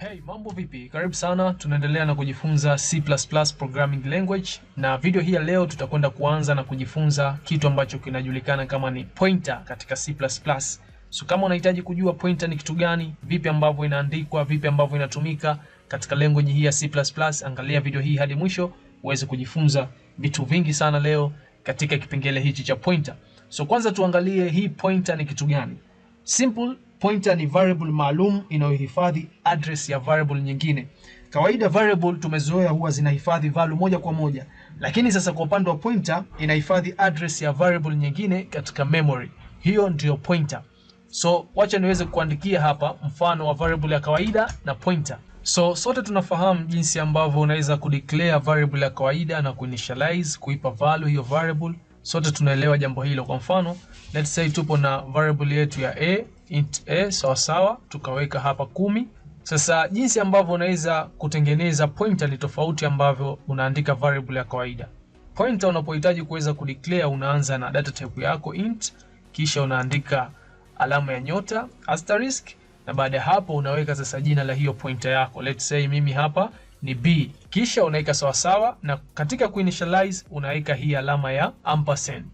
Hey, mambo vipi? Karibu sana, tunaendelea na kujifunza C++ programming language, na video hii ya leo tutakwenda kuanza na kujifunza kitu ambacho kinajulikana kama ni pointer katika C++. So kama unahitaji kujua pointer ni kitu gani, vipi ambavyo inaandikwa, vipi ambavyo inatumika katika language hii ya C++, angalia video hii hadi mwisho uweze kujifunza vitu vingi sana leo katika kipengele hichi cha pointer. So kwanza tuangalie hii pointer ni kitu gani. Simple Pointer ni variable maalum inayohifadhi address ya variable nyingine. Kawaida variable tumezoea huwa zinahifadhi value moja kwa moja, lakini sasa kwa upande wa pointer inahifadhi address ya variable nyingine katika memory. Hiyo ndiyo pointer. So wacha niweze kuandikia hapa mfano wa variable ya kawaida na pointer. So sote tunafahamu jinsi ambavyo unaweza kudeclare variable ya kawaida na kuinitialize, kuipa value hiyo variable Sote tunaelewa jambo hilo. Kwa mfano, let's say tupo na variable yetu ya a int a sawa sawa, tukaweka hapa kumi. Sasa jinsi ambavyo unaweza kutengeneza pointer ni tofauti ambavyo unaandika variable ya kawaida. Pointer unapohitaji kuweza kudeclare, unaanza na data type yako int, kisha unaandika alama ya nyota asterisk, na baada ya hapo unaweka sasa jina la hiyo pointer yako. Let's say mimi hapa ni b kisha unaweka sawasawa, na katika kuinitialize unaweka hii alama ya ampersand,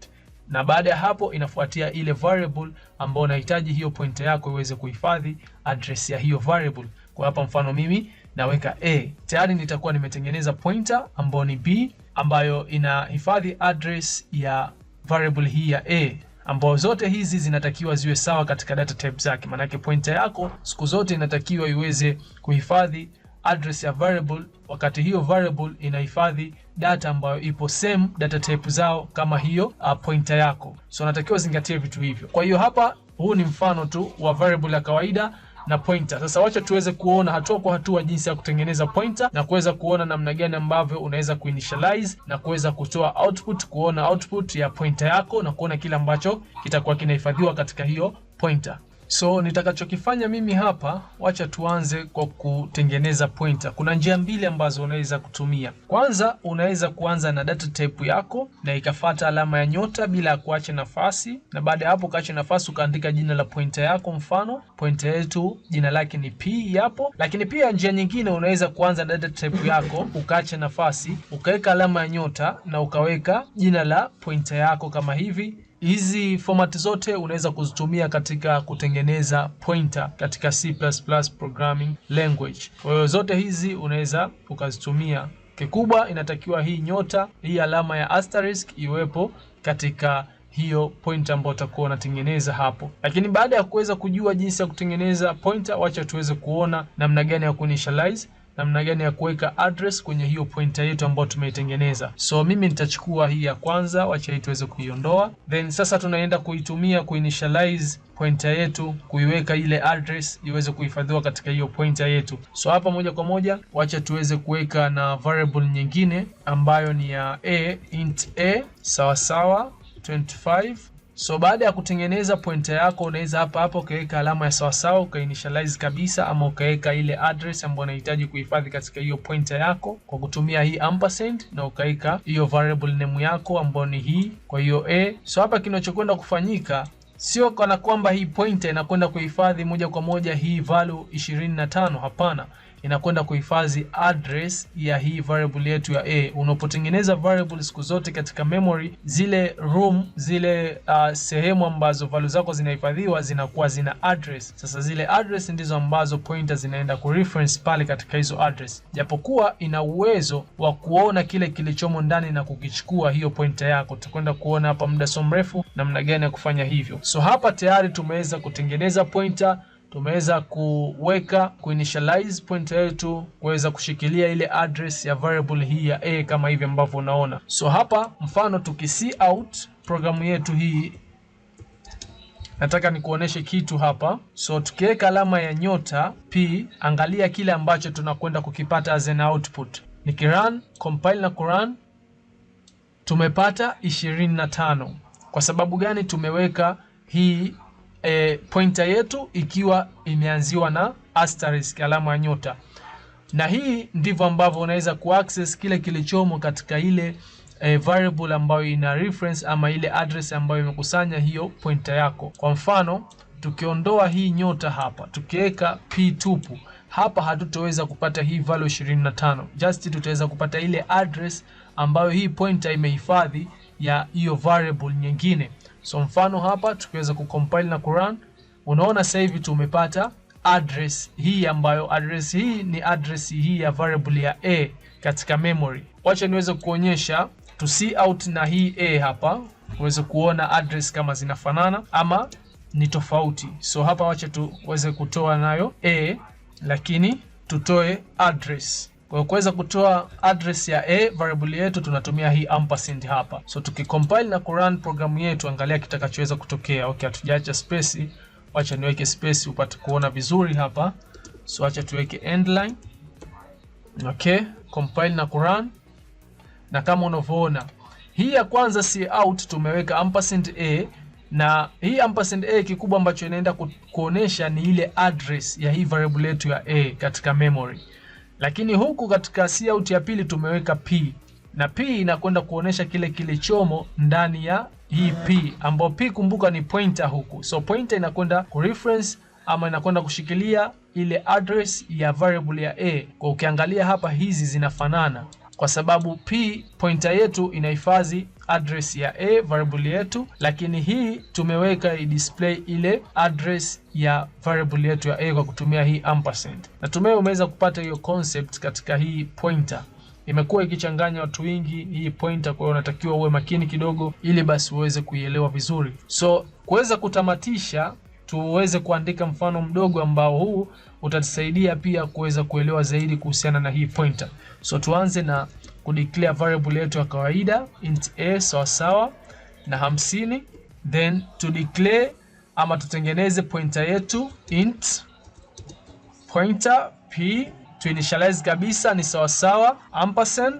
na baada ya hapo inafuatia ile variable ambayo unahitaji hiyo pointer yako iweze kuhifadhi address ya hiyo variable. Kwa hapa mfano mimi naweka a, tayari nitakuwa nimetengeneza pointer ambayo ni b, ambayo inahifadhi address ya variable hii ya a ambao zote hizi zinatakiwa ziwe sawa katika data type zake, maanake pointer yako siku zote inatakiwa iweze kuhifadhi address ya variable, wakati hiyo variable inahifadhi data ambayo ipo same data type zao kama hiyo uh, pointer yako. So natakiwa zingatie vitu hivyo. Kwa hiyo hapa, huu ni mfano tu wa variable ya kawaida na pointer. Sasa wacha tuweze kuona hatua kwa hatua jinsi ya kutengeneza pointer na kuweza kuona namna gani ambavyo unaweza kuinitialize na kuweza kutoa output, kuona output ya pointer yako na kuona kile ambacho kitakuwa kinahifadhiwa katika hiyo pointer. So nitakachokifanya mimi hapa, wacha tuanze kwa kutengeneza pointer. Kuna njia mbili ambazo unaweza kutumia. Kwanza, unaweza kuanza na data type yako na ikafata alama ya nyota bila ya kuacha nafasi, na baada ya hapo ukaacha nafasi ukaandika jina la pointer yako. Mfano pointer yetu jina lake ni P yapo Lakini pia njia nyingine, unaweza kuanza na data type yako ukaacha nafasi ukaweka alama ya nyota na ukaweka jina la pointer yako kama hivi Hizi format zote unaweza kuzitumia katika kutengeneza pointer katika C++ programming language. Kwa hiyo zote hizi unaweza ukazitumia. Kikubwa inatakiwa hii nyota, hii alama ya asterisk iwepo katika hiyo pointer ambayo utakuwa unatengeneza hapo. Lakini baada ya kuweza kujua jinsi ya kutengeneza pointer, wacha tuweze kuona namna gani ya kuinitialize namna gani ya kuweka address kwenye hiyo pointer yetu ambayo tumeitengeneza. So mimi nitachukua hii ya kwanza, wacha hii tuweze kuiondoa, then sasa tunaenda kuitumia kuinitialize pointer yetu, kuiweka ile address iweze kuhifadhiwa katika hiyo pointer yetu. So hapa moja kwa moja, wacha tuweze kuweka na variable nyingine ambayo ni ya a int a sawasawa 25 So baada ya kutengeneza pointer yako, unaweza hapa hapa ukaweka alama ya sawasawa ukainitialize kabisa, ama ukaweka ile address ambayo unahitaji kuhifadhi katika hiyo pointer yako kwa kutumia hii ampersand, na ukaweka hiyo variable name yako ambayo ni hii, kwa hiyo a. So hapa kinachokwenda kufanyika sio kana kwamba hii pointer inakwenda kuhifadhi moja kwa moja hii value 25. Hapana, inakwenda kuhifadhi address ya hii variable yetu ya a. Unapotengeneza variable siku zote katika memory, zile room zile uh, sehemu ambazo value zako zinahifadhiwa zinakuwa zina address. Sasa zile address ndizo ambazo pointer zinaenda reference pale katika hizo address, japokuwa ina uwezo wa kuona kile kilichomo ndani na kukichukua hiyo pointer yako. Tutakwenda kuona hapa muda so mrefu namna gani ya kufanya hivyo. So hapa tayari tumeweza kutengeneza pointer, tumeweza kuweka kuinitialize pointer yetu kuweza kushikilia ile address ya variable hii ya a kama hivi ambavyo unaona. So hapa mfano tuki out programu yetu hii nataka nikuoneshe kitu hapa. So tukiweka alama ya nyota p, angalia kile ambacho tunakwenda kukipata as an output. Nikirun compile na kurun, tumepata 25. Kwa sababu gani? Tumeweka hii e, pointer yetu ikiwa imeanziwa na asterisk, alama ya nyota, na hii ndivyo ambavyo unaweza kuaccess kile kilichomo katika ile e, variable ambayo ina reference ama ile address ambayo imekusanya hiyo pointer yako. Kwa mfano, tukiondoa hii nyota hapa, tukiweka p tupu hapa, hatutoweza kupata hii value 25, just tutaweza kupata ile address ambayo hii pointer imehifadhi ya hiyo variable nyingine. So mfano hapa tukiweza kucompile na kurun, unaona sasa hivi tumepata address hii ambayo address hii ni address hii ya variable ya a katika memory. Wacha niweze kuonyesha to see out na hii a hapa uweze kuona address kama zinafanana ama ni tofauti. So hapa wacha tuweze kutoa nayo a, lakini tutoe address kwa kuweza kutoa address ya a variable yetu tunatumia hii ampersand hapa. So tukicompile na kurun programu yetu, angalia kitakachoweza kutokea. Okay, hatujaacha space, wacha niweke space upate kuona vizuri hapa. So acha tuweke end line. Okay, compile na kurun, na kama unavyoona hii ya kwanza si out, tumeweka ampersand a na hii ampersand a kikubwa ambacho inaenda kuonesha ni ile address ya hii variable yetu ya a katika memory lakini huku katika siauti ya pili tumeweka p na p inakwenda kuonesha kile kilichomo ndani ya hii p, ambapo p kumbuka ni pointer huku, so pointer inakwenda kureference ama inakwenda kushikilia ile address ya variable ya a. Kwa ukiangalia hapa hizi zinafanana, kwa sababu p pointer yetu inahifadhi address ya a variable yetu, lakini hii tumeweka display ile address ya variable yetu ya a kwa kutumia hii ampersand. Natumai umeweza kupata hiyo concept katika hii pointer imekuwa ikichanganya watu wengi hii pointer. Kwa hiyo unatakiwa uwe makini kidogo, ili basi uweze kuielewa vizuri. So kuweza kutamatisha, tuweze kuandika mfano mdogo ambao huu utatusaidia pia kuweza kuelewa zaidi kuhusiana na hii pointer. So tuanze na kudeclare variable yetu ya kawaida int a sawasawa na hamsini, then to declare ama tutengeneze pointer yetu int pointer p, tuinitialize kabisa ni sawasawa ampersand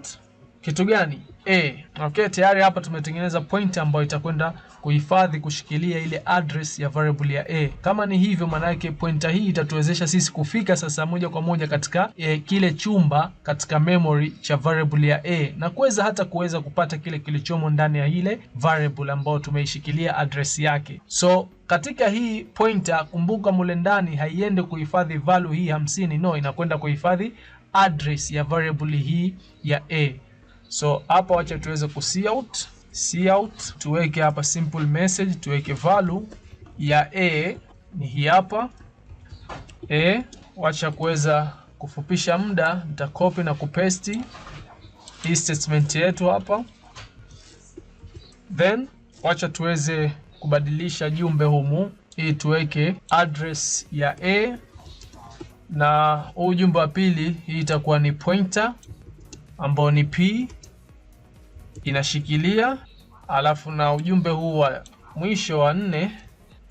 kitu gani A. Okay, tayari hapa tumetengeneza point ambayo itakwenda kuhifadhi kushikilia ile address ya variable ya A. Kama ni hivyo, maana yake pointer hii itatuwezesha sisi kufika sasa moja kwa moja katika e, kile chumba katika memory cha variable ya A na kuweza hata kuweza kupata kile kilichomo ndani ya ile variable ambayo tumeishikilia address yake. So katika hii pointer, kumbuka mule ndani haiendi kuhifadhi value hii hamsini, no, inakwenda kuhifadhi address ya variable hii ya A. So hapa wacha tuweze ku see out, see out, tuweke hapa simple message, tuweke value ya a ni hii hapa a. Wacha kuweza kufupisha muda, copy na kupesti hii statement yetu hapa, then wacha tuweze kubadilisha jumbe humu, hii tuweke address ya a na huu jumbe wa pili, hii itakuwa ni pointer ambao ni p inashikilia alafu na ujumbe huu wa mwisho wa nne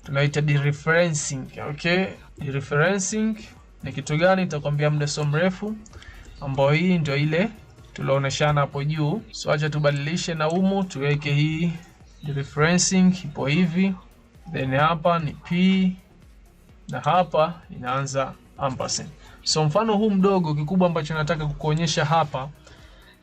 tunaita dereferencing. Okay, dereferencing ni kitu gani? Nitakwambia muda so mrefu, ambayo hii ndio ile tulionyeshana hapo juu. So acha tubadilishe na umu tuweke hii dereferencing ipo hivi, then hapa ni p na hapa inaanza ampersand. So mfano huu mdogo, kikubwa ambacho nataka kukuonyesha hapa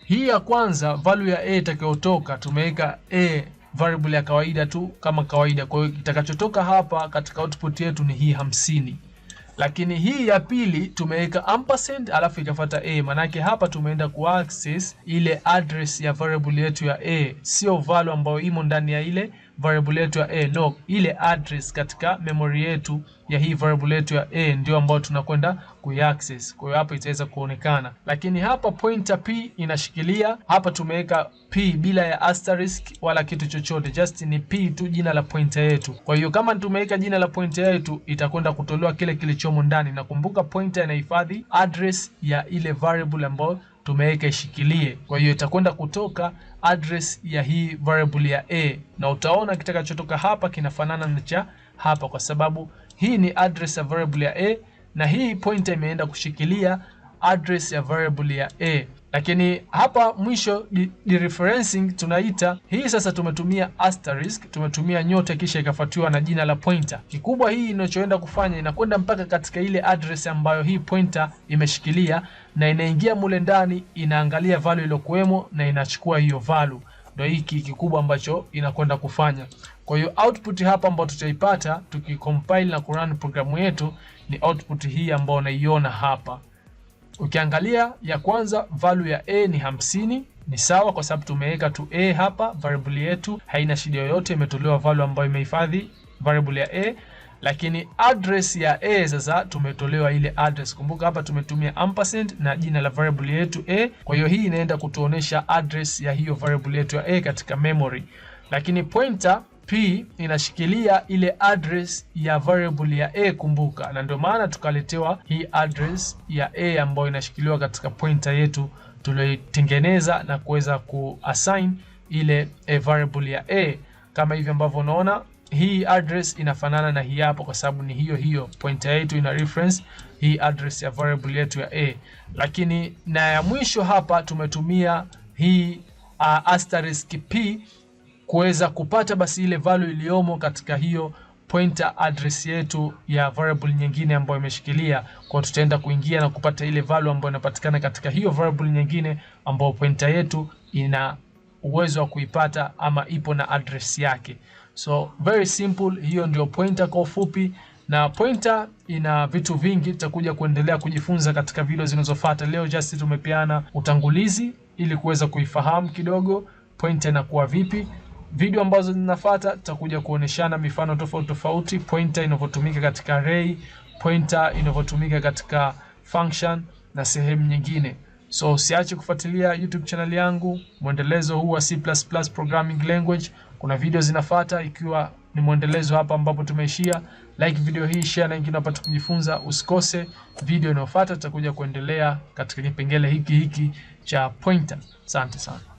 hii ya kwanza value ya a itakayotoka tumeweka a variable ya kawaida tu kama kawaida. Kwa hiyo itakachotoka hapa katika output yetu ni hii hamsini, lakini hii ya pili tumeweka ampersand alafu ikafuata a, manake hapa tumeenda ku access ile address ya variable yetu ya a, sio value ambayo imo ndani ya ile variable yetu ya a no, ile address katika memory yetu ya hii variable yetu ya a ndio ambayo tunakwenda kuiaccess. Kwa hiyo hapa itaweza kuonekana, lakini hapa pointer p inashikilia hapa. Tumeweka p bila ya asterisk wala kitu chochote, just ni p tu, jina la pointer yetu. Kwa hiyo kama tumeweka jina la pointer yetu, itakwenda kutolewa kile kilichomo ndani, nakumbuka pointer inahifadhi address ya ile variable ambayo tumeweka ishikilie. Kwa hiyo itakwenda kutoka address ya hii variable ya a, na utaona kitakachotoka hapa kinafanana na cha hapa, kwa sababu hii ni address ya variable ya a na hii pointer imeenda kushikilia address ya variable ya a. Lakini hapa mwisho di, referencing tunaita hii sasa, tumetumia asterisk, tumetumia nyota kisha ikafuatiwa na jina la pointer. Kikubwa hii inachoenda kufanya inakwenda mpaka katika ile address ambayo hii pointer imeshikilia, na inaingia mule ndani, inaangalia value iliyokuwemo na inachukua hiyo value. Ndio hiki kikubwa ambacho inakwenda kufanya. Kwa hiyo output hapa ambayo tutaipata tukicompile na kurun programu yetu ni output hii ambayo unaiona hapa. Ukiangalia ya kwanza value ya a ni hamsini ni sawa kwa sababu tumeweka tu a hapa, variable yetu haina shida yoyote, imetolewa value ambayo imehifadhi variable ya a. Lakini address ya a sasa tumetolewa ile address. Kumbuka hapa tumetumia ampersand na jina la variable yetu a, kwa hiyo hii inaenda kutuonesha address ya hiyo variable yetu ya a katika memory. Lakini pointer P inashikilia ile address ya variable ya a, kumbuka, na ndio maana tukaletewa hii address ya a ambayo inashikiliwa katika pointer yetu tulioitengeneza na kuweza kuassign ile a eh, variable ya a, kama hivi ambavyo unaona hii address inafanana na hii hapo, kwa sababu ni hiyo hiyo pointer yetu ina reference hii address ya variable yetu ya a. Lakini na ya mwisho hapa tumetumia hii uh, asterisk p kuweza kupata basi ile value iliyomo katika hiyo pointer address yetu ya variable nyingine ambayo imeshikilia. Kwa tutaenda kuingia na kupata ile value ambayo inapatikana katika hiyo variable nyingine ambayo pointer yetu ina uwezo wa kuipata ama ipo na address yake. So very simple, hiyo ndio pointer kwa ufupi. Na pointer ina vitu vingi, tutakuja kuendelea kujifunza katika video zinazofuata. Leo just tumepeana utangulizi ili kuweza kuifahamu kidogo pointer inakuwa vipi. Video ambazo zinafuata tutakuja kuoneshana mifano tofauti tofauti, pointer inavyotumika katika array, pointer inavyotumika katika function na sehemu nyingine. So siache kufuatilia YouTube channel yangu, mwendelezo huu wa C++ programming language. Kuna video zinafuata ikiwa ni mwendelezo hapa ambapo tumeishia. Like video hii, share na wengine wapate kujifunza. Usikose video inayofuata, tutakuja kuendelea katika kipengele hiki hiki cha pointer. Asante sana.